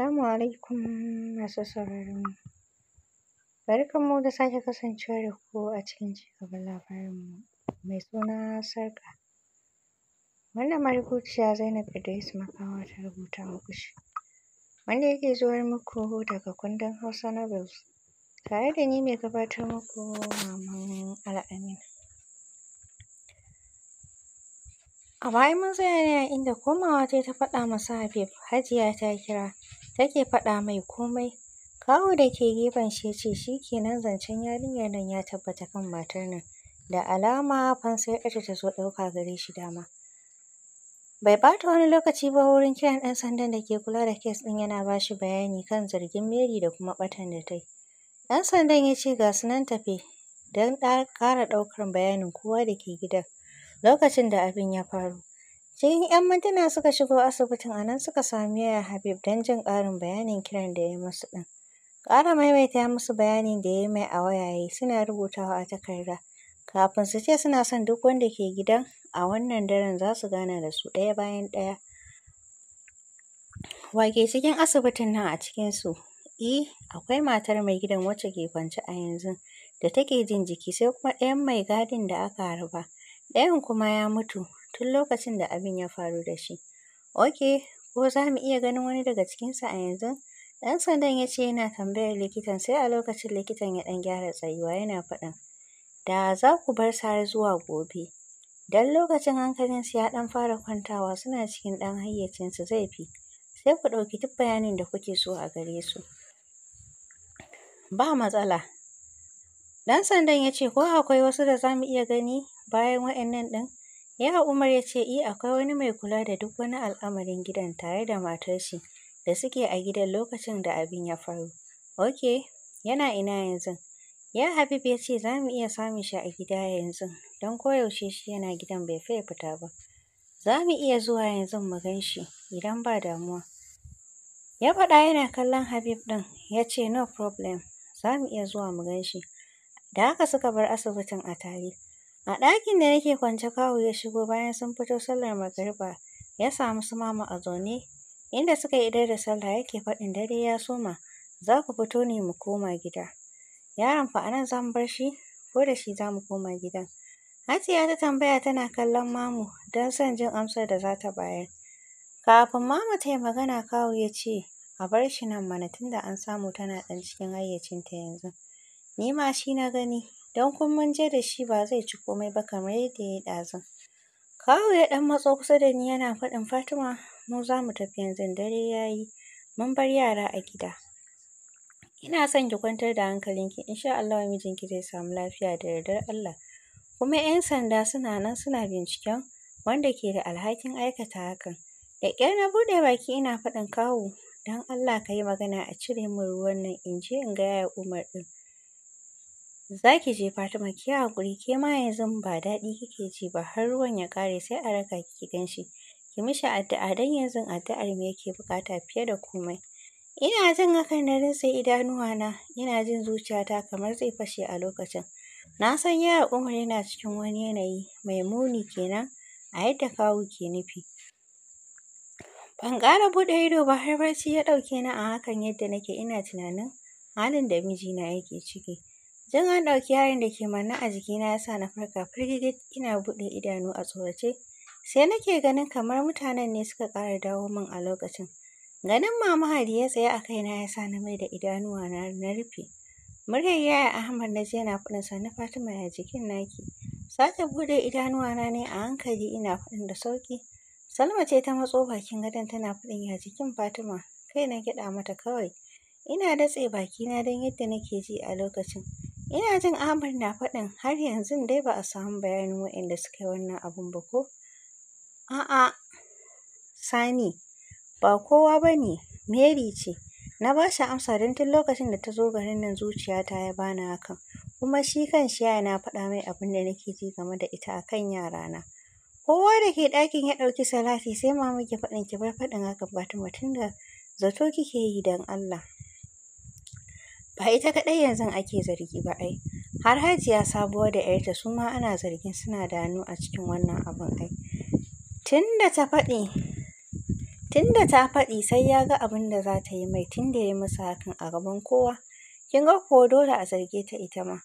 Assalamu alaikum masu sauraron mu. Barkan mu da sake kasancewa da ku a cikin cigaban labarin mu mai suna sarka Wannan marubuciya Zainab Idris Makawa ta rubuta muku shi, wanda yake zuwar muku daga kundin Hausa Novels tare da ni mai gabatar muku Maman Al'amina. A baya mun tsaya ne a inda komawa tayi ta faɗa ma su Hajiya ta kira take faɗa mai komai. Kawu da ke gefen shi ya ce shi kenan zancen yarinyar nan ya tabbata kan matar nan. Da alama fansar ƴarta ta zo ɗauka gare shi dama. Bai ɓata wani lokaci ba wurin kiran ɗan sandan da ke kula da kes ɗin yana ba shi bayani kan zargin Mary da kuma ɓatan da ta yi. Ɗan sandan ya ce ga su nan tafe don ƙara ɗaukar bayanin kowa da ke gidan lokacin da abin ya faru. Cikin 'yan mintuna suka shigo asibitin a nan suka sami yaya Habib don jin ƙarin bayanin kiran da ya yi musu ɗin. Ƙara maimaita musu bayanin da ya yi mai a wayaye suna rubutawa a takarda. Kafin su ce suna son duk wanda ke gidan a wannan daren za su gana da su ɗaya bayan ɗaya. Wake cikin asibitin nan a cikinsu? E, akwai matar mai gidan wacce ke kwance a yanzu da take jin jiki sai kuma ɗayan mai gadin da aka harba. Ɗayan kuma ya mutu tun lokacin da abin ya faru da shi. Ok, ko za mu iya ganin wani daga cikinsu a yanzu? Ɗan sandan ya ce yana tambayar likitan sai a lokacin likitan ya ɗan gyara tsayuwa yana faɗin. Da za ku bar su zuwa gobe. Don lokacin hankalinsu ya ɗan fara kwantawa suna cikin ɗan hayyacinsu zai fi. Sai ku ɗauki duk bayanin da kuke so a gare su. Ba matsala. Ɗan sandan ya ce ko akwai wasu da za mu iya gani bayan waɗannan ɗin? Ya Umar ya ce i akwai wani mai kula da duk wani al'amarin gidan tare da matar shi da suke a gidan lokacin da abin ya faru. Ok, yana ina yanzu? Ya Habib ya ce za mu iya samun shi a gida yanzu don koyaushe shi yana gidan bai fiye fita ba. Za mu iya zuwa yanzu mu gan shi idan ba damuwa. Ya faɗa yana kallon Habib ɗin ya ce no problem za mu iya zuwa mu gan shi. Da haka suka bar asibitin a tare. A ɗakin da nake kwance kawu ya shigo bayan sun fito sallar magariba. Ya samu su mama a zaune, inda suka idar da sallah yake faɗin dare ya soma, za ku fito ne mu koma gida. Yaron fa anan zan bar shi, ko da shi za mu koma gidan. Hatiya ta tambaya tana kallon mamu don son jin amsar da za ta bayar. Kafin mamu ta yi magana kawu ya ce, a bar shi nan mana tunda an samu tana ɗan cikin hayyacinta yanzu. Ni ma shi na gani, don kun munje da shi ba zai ci komai ba kamar yadda ya yi ɗazun. Kawu ya ɗan matso kusa da ni yana faɗin Fatima mu za mu tafi yanzu dare ya yi mun bar yara a gida. Ina son ki kwantar da hankalinki sha Allah mijinki zai samu lafiya da yardar Allah. Kuma 'yan sanda suna nan suna binciken wanda ke da alhakin aikata hakan. Da ƙyar na buɗe baki ina faɗin kawu don Allah ka yi magana a cire min ruwan nan in je in gaya yaya Umar ɗin. zaki je Fatima ki haƙuri ke ma yanzu ba daɗi kike ji ba har ruwan ya ƙare sai a raka ki gan shi ki mishi addu'a dan yanzu addu'ar me yake buƙata fiye da komai. Ina jin hakan na idanuwa idanuwana ina jin zuciyata kamar zai fashe a lokacin. Na san yaya Umar yana cikin wani yanayi mai muni kenan a yadda kawu ke nufi. Ban ƙara buɗe ido ba har barci ya ɗauke ni a hakan yadda nake ina tunanin halin da mijina yake ciki. Jan an ɗauki yarin da ke manne a jikina ya sa na farka firgigit ina buɗe idanu a tsorace. Sai nake ganin kamar mutanen ne suka ƙara dawo min a lokacin. Ganin Mama Hadi ya tsaye a kaina ya sa na mai da idanuwa na rufe. Muryar Yaya Ahmad na ji na faɗin na Fatima ya jikin naki. Sake buɗe na ne a hankali ina faɗin da sauƙi. Salma ce ta matso bakin gadon tana faɗin ya jikin Fatima. Kai na gyaɗa mata kawai. Ina datse bakina don yadda nake ji a lokacin. Ina jin Ahmad na faɗin har yanzu dai ba a samu bayanin waɗanda suka yi wannan abun ba ko? A'a, Sani, ba kowa ba ne, Mary ce. Na ba shi amsa don tun lokacin da ta zo garin nan zuciyata ya bani hakan, kuma shi shi ya na faɗa mai abin da nake ji game da ita a kan yarana. Kowa da ke ɗakin ya ɗauki salati sai mama muke faɗin ki bar faɗin haka ba tun da zato kike yi don Allah. ba ita kaɗai yanzu ake zargi ba ai har hajiya sabuwa da yarta su ma ana zargin suna da hannu a cikin wannan abin ai tunda ta faɗi tunda ta faɗi sai ya ga abin da za ta yi mai tunda ya masa hakan a gaban kowa kin ga ko dole a zarge ta ita ma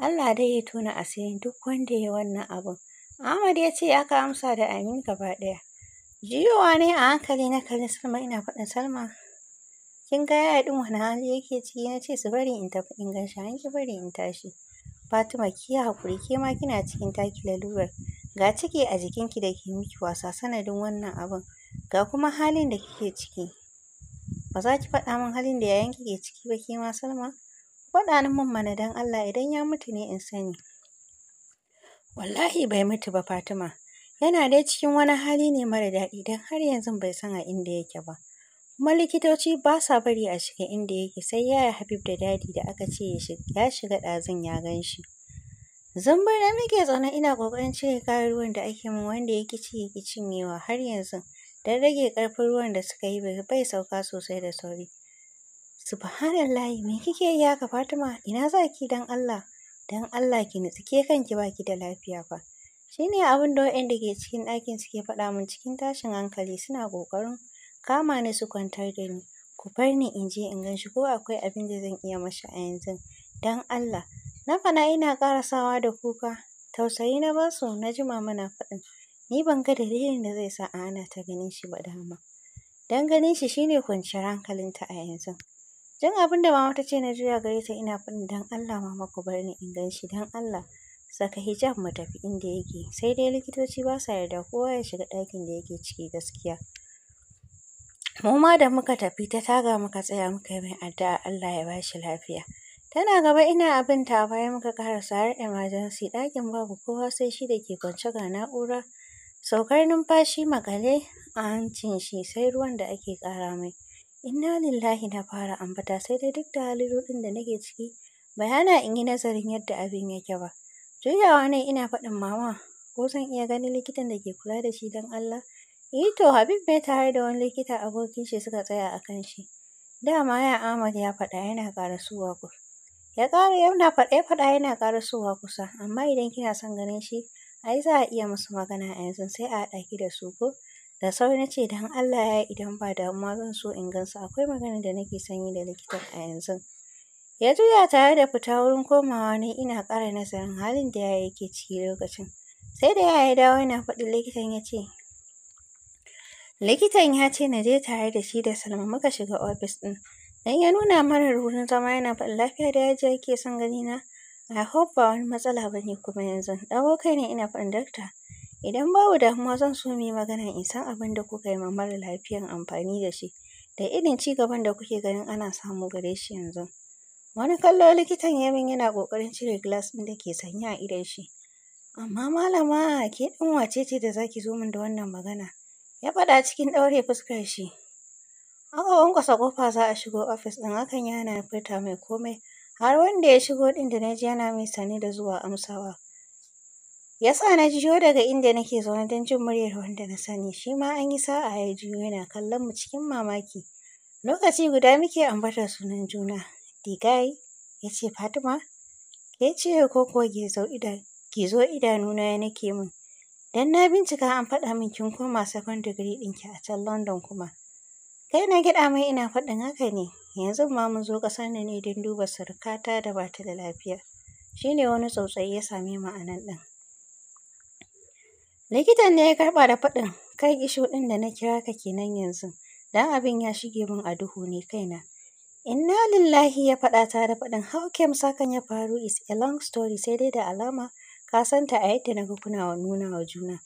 Allah dai ya tona asirin duk wanda ya wannan abin Ahmad ya ce aka amsa da amin gaba ɗaya jiyowa ne a hankali na kalli Salma ina faɗin Salma kin ga yaya din wani hali yake ciki na ce su bari in tafi in gansha shi an ki bari in tashi Fatima ki yi hakuri ke ma kina cikin taki lalurar ga ciki a jikinki da ke miki wasa sanadin wannan abin ga kuma halin da kike ciki ba za ki faɗa min halin da yayanki ke ciki ba ke ma Salma faɗa min mana don Allah idan ya mutu ne in sani wallahi bai mutu ba Fatima yana dai cikin wani hali ne mara daɗi don har yanzu bai san a inda yake ba kuma likitoci ba sa bari a shiga inda yake sai yaya Habib da dadi da aka ce ya shiga ɗazun ya gan shi. Zambar na muke zaune ina ƙoƙarin cire kayan ruwan da ake min wanda ya kici ya cinyewa har yanzu dan rage ƙarfin ruwan da suka yi bai sauka sosai da sauri. Subhanallahi me kike yi haka Fatima ina za ki dan Allah dan Allah ki nutsi ke kanki ba ki da lafiya fa. shine ne abin da waɗanda ke cikin ɗakin suke faɗa min cikin tashin hankali suna ƙoƙarin kama ni su kwantar da ni. Ku bar ni in je in ganshi ko akwai abin da zan iya mashi a yanzu. Don Allah. Na faɗa ina ƙarasawa da kuka. Tausayi na ba su na ji mama na faɗin. Ni ban ga dalilin da zai sa a hana ta ganin shi ba dama. Don ganin shi shine kwanciyar hankalinta a yanzu. Jin abin da mama ta ce na juya gare ta ina faɗin don Allah mama ku bar ni in ganshi don Allah. Saka hijab mu tafi inda yake sai dai likitoci ba sa yarda kowa ya shiga ɗakin da yake ciki gaskiya. mu ma da muka tafi ta taga muka tsaya muka yi mai addu'a Allah ya bashi lafiya tana gaba ina abin ta baya muka karasa har emergency ɗakin babu kowa sai shi da ke kwance ga na'ura saukar numfashi makale a hancin shi sai ruwan da ake ƙara mai inna lillahi na fara ambata sai dai duk da halin da nake ciki bai hana in yi nazarin yadda abin yake ba juyawa ne ina faɗin mama ko zan iya ganin likitan da ke kula da shi don Allah Eh to Habib bai tare da wani likita abokin shi suka tsaya a kan shi. Dama ya Ahmad ya faɗa yana ƙarasuwa kusa. Ya ƙara yana faɗa ya faɗa yana ƙarasuwa kusa amma idan kina son ganin shi ai za a iya musu magana a yanzu sai a haɗa da su ko. Da sauri na ce don Allah ya idan ba damuwa zan so in gansu akwai magana da nake son yi da likitan a yanzu. Ya juya tare da fita wurin komawa ne ina ƙara nazarin halin da ya yake ciki lokacin. Sai da ya ya dawo yana faɗin likitan ya ce Likitan ya ce na je tare da shi da Salma muka shiga ofis ɗin. Dan ya nuna mana wurin zama yana faɗi lafiya da yaji yake son gani na. I hope ba wani matsala ba ne kuma yanzu. Ɗago kai ne ina faɗin dakta. Idan babu damuwa zan so mu yi magana in san abin da kuka yi ma mara lafiyan amfani da shi. Da irin ci gaban da kuke ganin ana samu gare shi yanzu. Wani kallo likitan ya min yana kokarin cire glass din da ke sanya a idon shi. Amma malama ke ɗan wace ce da zaki zo min da wannan magana? ya faɗa cikin ɗaure fuskar shi. Aka wankwasa ƙofa za a shigo ofis ɗin hakan yana furta mai komai har wanda ya shigo ɗin da na ji yana mai sane da zuwa amsawa. Ya sa na jiyo daga inda nake zaune don jin muryar wanda na sani shi ma an yi sa'a ya jiyo yana kallon mu cikin mamaki. Lokaci guda muke ambatar sunan juna. Digai ya ce Fatima ke ce ko kuwa gizo idanuna ya nake min. Dan na bincika an faɗa min kin koma second degree ɗinki a can London kuma. Kai na gyaɗa mai ina faɗin haka ne, yanzu ma mun zo ƙasar nan ne don duba surukata da ba ta da lafiya. Shi ne wani tsautsayi ya same mu ɗin. Likitan ne ya karɓa da faɗin kai ishu ɗin da na kira ka kenan yanzu, don abin ya shige min a duhu ne kaina. Inna lillahi ya faɗa ta da faɗin how came sakan ya faru is a long story sai dai da alama ka santa a yadda na ga kuna nuna wa juna.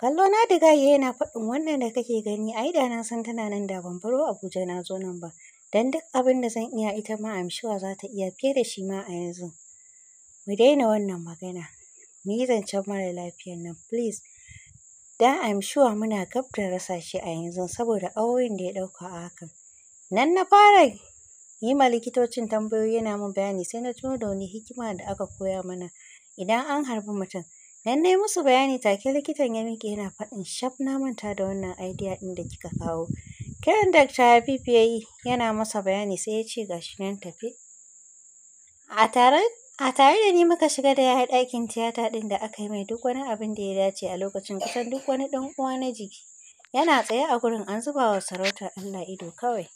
Kallo na diga ya yana faɗin wannan da kake gani ai da na san tana nan da ban baro Abuja na zo nan ba. Dan duk abin da zan iya ita ma amshiwa za ta iya fiye da shi ma a yanzu. Mu daina wannan magana. Mu yi zancen mara lafiyar nan please. Dan amshiwa muna gab da rasa shi a yanzu saboda awoyin da ya ɗauka a hakan. Nan na fara yi ma likitocin tambayoyi yana min bayani sai na tuno da wani hikima da aka koya mana idan an harbi mutum. Dan musu bayani take likitan ya miƙe yana faɗin shaf na manta da wannan idea ɗin da kika kawo. Kiran Dr. Habib ya yi yana masa bayani sai ya ce ga shi nan tafi. A tare A tare da ni muka shiga da yayi ɗakin tiyata ɗin da aka yi mai duk wani abin da ya dace a lokacin kusan duk wani ɗan uwa na jiki. Yana tsaye a gurin an zuba wa sarauta Allah ido kawai.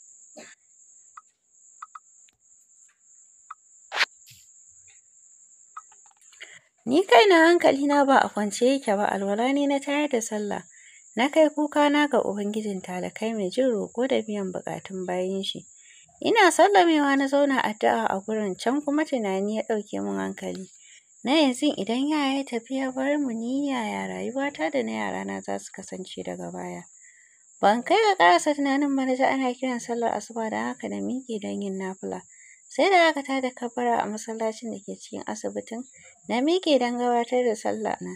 Ni kaina na ba a kwance yake ba alwala ne na tayar da sallah. Na kai kuka na ga Ubangijin talakai mai jin roƙo da biyan buƙatun bayan shi. Ina sallamewa na zauna addu'a a gurin can kuma tunani ya ɗauke mun hankali. Na yanzu idan yaya ya tafiya bar mu ni yaya rayuwata da na yarana za su kasance daga baya. Ban kai ga ƙarasa tunanin ba na ana kiran sallar asuba da haka na miƙe don yin nafula. Sai da aka tada kabbara a masallacin da ke cikin asibitin na miƙe don gabatar da sallah na.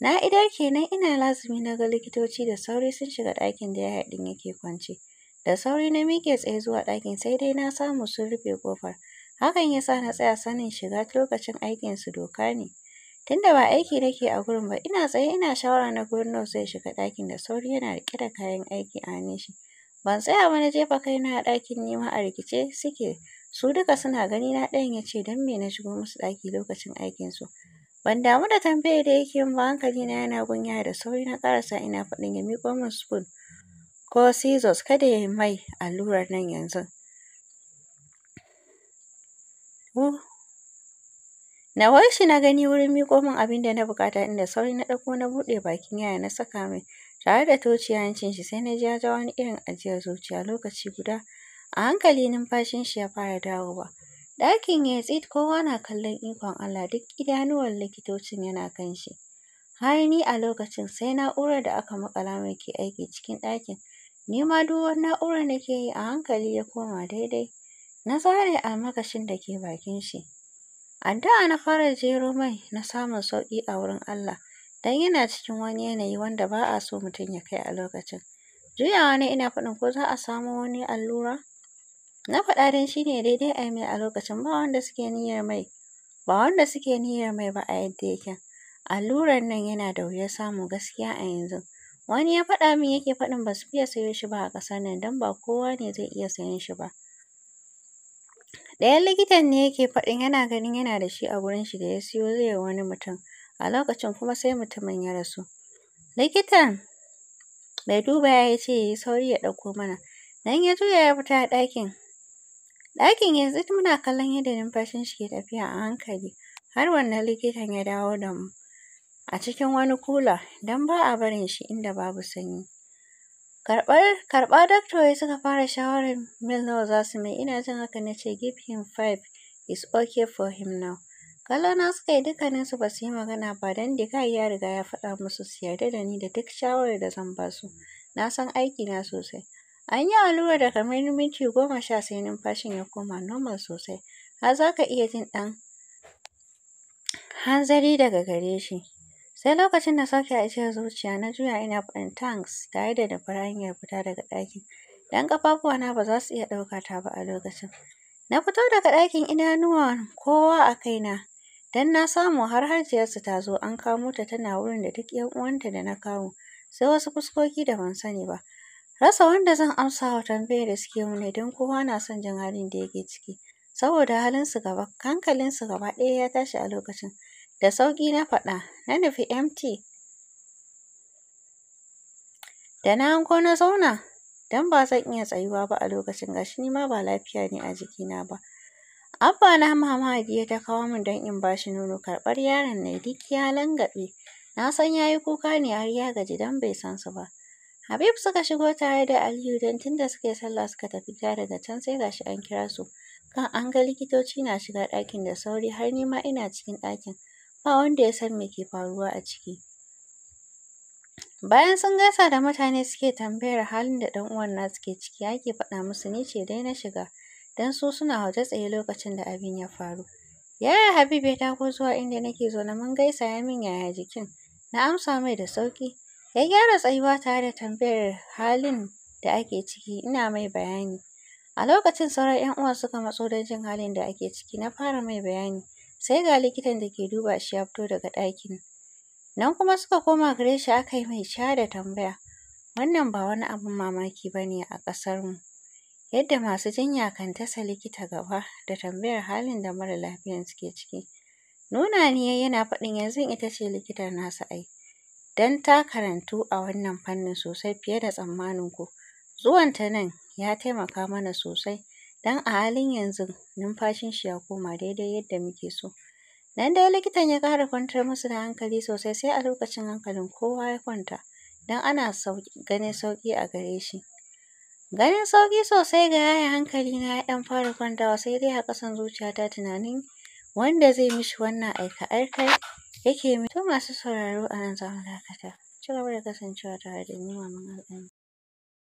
Na idar kenan ina lazumi na ga likitoci da sauri sun shiga ɗakin da yaya ɗin yake kwance. Da sauri na miƙe tsaye zuwa ɗakin sai dai na samu sun rufe ƙofar. Hakan ya sa na tsaya sanin shiga lokacin aikin su doka ne. Tunda ba aiki nake a gurin ba ina tsaye ina shawara na gurin nan zai shiga ɗakin da sauri yana riƙe da kayan aiki a hannun shi. Ban tsaya ba na jefa kaina a ɗakin nima a rikice suke su duka suna gani na ɗayan ya ce don me na shigo musu ɗaki lokacin aikinsu ban damu da tambayar da yake yin ba hankali na yana gunya da sauri na karasa ina faɗin ya miƙo min spoon ko scissors kada ya yi mai allurar nan yanzu Na wai shi na gani wurin miƙo min abin da na buƙata inda sauri na ɗauko na buɗe bakin yaya na saka mai tare da tociya hancin shi sai na ji ya ja wani irin ajiyar zuciya lokaci guda A hankali numfashin shi ya fara dawowa. Ɗakin ya tsit kowa na kallon ikon Allah duk idanuwan likitocin yana kan shi. Har ni a lokacin sai na'urar da aka makala mai ke aiki cikin ɗakin. Ni ma duk wani na'urar ke yi a hankali ya koma daidai. Na a makashin da ke bakin shi. Addu'a na fara jero mai na samun sauƙi a wurin Allah dan yana cikin wani yanayi wanda ba a so mutum ya kai a lokacin. Juyawa na ina faɗin ko za a samo wani allura? Na faɗa don shi ne daidai a yi a lokacin ba wanda suke niyyar mai ba wanda suke niyyar mai ba a yadda yake. Allurar nan yana da wuyar samu gaskiya a yanzu. Wani ya faɗa min yake faɗin ba su fiye sayo shi ba a ƙasar nan don ba kowa ne zai iya sayan shi ba. Ɗayan likitan ne yake faɗin yana ganin yana da shi a gurin shi da ya siyo zai wani mutum a lokacin kuma sai mutumin ya rasu. Likitan bai duba ya yi ce ya yi sauri ya ɗauko mana. Nan ya juya ya fita ɗakin. Ɗakin yanzu muna kallon yadda numfashin shi ke tafiya a hankali har wannan likitan ya dawo da mu a cikin wani kula don ba a barin shi inda babu sanyi. Karɓa doctor ya suka fara shawarar mil nawa za su mai ina jin haka na ce give him five is okay for him now. Kallo na suka yi dukkaninsu ba su yi magana ba don da dikai ya riga ya faɗa musu su yarda da ni da duk shawarar da zan ba su. Na san aiki na sosai. An yi allurar da kamar minti goma sha sai numfashin ya koma normal sosai, har za ka iya jin ɗan hanzari daga gare shi. Sai lokacin da sauke a cikin zuciya na juya ina faɗin tanks tare da dafar hanyar fita daga ɗakin. Dan ƙafafuwana ba za su iya ɗauka ta ba a lokacin. Na fito daga ɗakin idanuwan kowa a kaina don na samu har hajiyarsu ta zo an kamo ta tana wurin da duk 'yan uwanta da na kawo sai wasu fuskoki da ban sani ba. Rasa wanda zan amsa wa tambayar da suke mun idan kowa na son jin halin da yake ciki. Saboda su gaba, su gaba ɗaya ya tashi a lokacin. Da sauƙi na faɗa, na nufi MT. Da na hanko na zauna, Dan ba zan iya tsayuwa ba a lokacin gashi ni ma ba lafiya ne a jikina ba. Abba na mama Hadiya ta kawo min don in ba shi nono karɓar yaron ne duk ya langaɓe. Na san yayi kuka ne har ya gaji don bai san su ba. Habib suka shigo tare da Aliyu don tun da suka yi sallah suka tafi gida daga can sai gashi an kira su. Kan an ga likitoci na shiga ɗakin da sauri har ni ma ina cikin ɗakin. Ba wanda ya san me ke faruwa a ciki. Bayan sun gaisa da mutane suke tambayar halin da ɗan uwan nasu ke ciki ake faɗa musu ni ce dai na shiga. Don su suna waje tsaye lokacin da abin ya faru. Yaya Habib ya dawo zuwa inda nake zaune mun gaisa ya min yaya jikin. Na amsa mai da sauƙi. Ya gyara tsayuwa tare da tambayar halin da ake ciki ina mai bayani. A lokacin sauran 'yan uwan suka matso don jin halin da ake ciki na fara mai bayani. Sai ga likitan da ke duba shi ya fito daga ɗakin. Nan kuma suka koma gare shi aka yi mai sha da tambaya. Wannan ba wani abin mamaki ba ne a ƙasar mu. Yadda masu jinya kan tasa likita gaba da tambayar halin da mara lafiyan suke ciki. Nuna ni yana faɗin yanzu ita ce likitan nasu ai. don ta karantu a wannan fannin sosai fiye da tsammanin tsammaninku. Zuwanta nan ya taimaka mana sosai don a halin yanzu numfashin shi ya koma daidai yadda muke so. Nan dai likitan ya ƙara kwantar musu da hankali sosai sai a lokacin hankalin kowa ya kwanta don ana ganin sauƙi a gare shi. Ganin sauƙi sosai ga yaya hankali na ya ɗan fara kwantawa sai dai a ƙasan zuciyata tunanin wanda zai mishi wannan aika aikai yake mi. To masu sauraro a nan za mu dakata. Ci da kasancewa tare da ni Maman Al'amin.